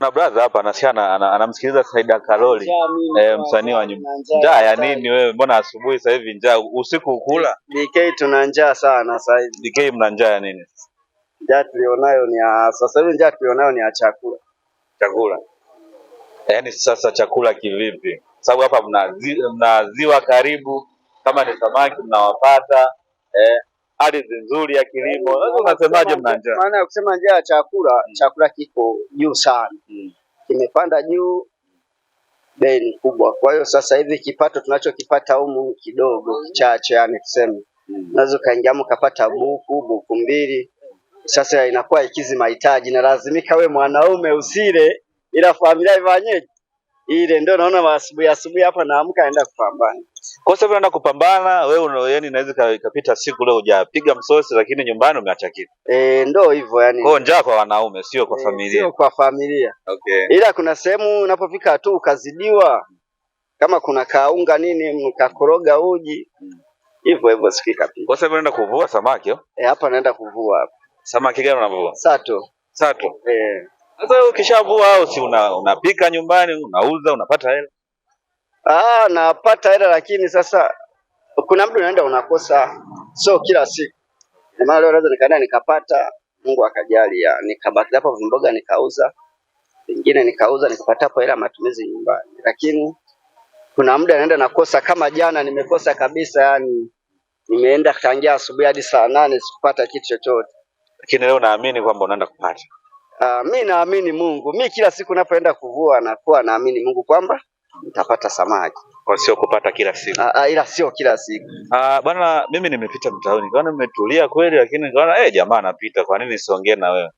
na brother hapa anasiana anamsikiliza Saida Karoli eh, msanii wa nyumba. Njaa ya nini wewe? Mbona asubuhi sasa hivi njaa, usiku ukula? DK tuna njaa sana sasa hivi. DK mna njaa ya nini? Njaa tulionayo ni sasa hivi, njaa tulionayo ni ya chakula. Chakula yaani sasa chakula kivipi? Sababu hapa mna ziwa karibu, kama ni samaki mnawapata eh ardhi nzuri ya kilimo. Eh, sasa unasemaje, mna njaa? Maana ya kusema njaa ya chakula, hmm. chakula kiko juu sana, hmm. kimepanda juu, bei ni kubwa. Kwa hiyo sasa hivi kipato tunachokipata humu kidogo kichache, hmm. yani tuseme unaweza ukaingiamo ukapata buku buku mbili, sasa inakuwa ikizi mahitaji, na lazimika we mwanaume usile ila familia ifanyeje ile ndio naona asubuhi asubuhi hapa naamka naenda kupambana. Kwa sababu naenda kupambana wewe, una yani inaweza ikapita siku leo hujapiga msosi, lakini nyumbani umeacha kitu eh, ndio hivyo yani. Kwa njaa kwa wanaume, sio kwa e, familia, sio kwa familia. Okay, ila kuna sehemu unapofika tu ukazidiwa, kama kuna kaunga nini mkakoroga uji hivyo hivyo, sikika pia. Kwa sababu naenda kuvua samaki eh, hapa naenda kuvua hapa. Samaki gani unavua? Sato. Sato. Eh. Sasa ukishavua au si una, unapika nyumbani, unauza, unapata hela. Ah, napata hela lakini sasa kuna mtu unaenda unakosa, so kila siku. Ndio maana leo naweza nikaenda nikapata, Mungu akajalia, nikabaki hapo vimboga nikauza, vingine nikauza nikapata hapo hela matumizi nyumbani. Lakini kuna muda naenda nakosa, kama jana nimekosa kabisa, yani nimeenda tangia asubuhi hadi saa nane sikupata kitu chochote. Lakini leo naamini kwamba unaenda kupata. Uh, mi naamini Mungu. Mi kila siku napoenda kuvua nakuwa naamini Mungu kwamba nitapata samaki, kwa sio kupata kila siku. Uh, uh, ila sio kila siku. Uh, bwana, mimi nimepita mtaoni, nikaona mmetulia kweli, lakini nikaona eh, jamaa anapita, kwa nini siongee na wewe?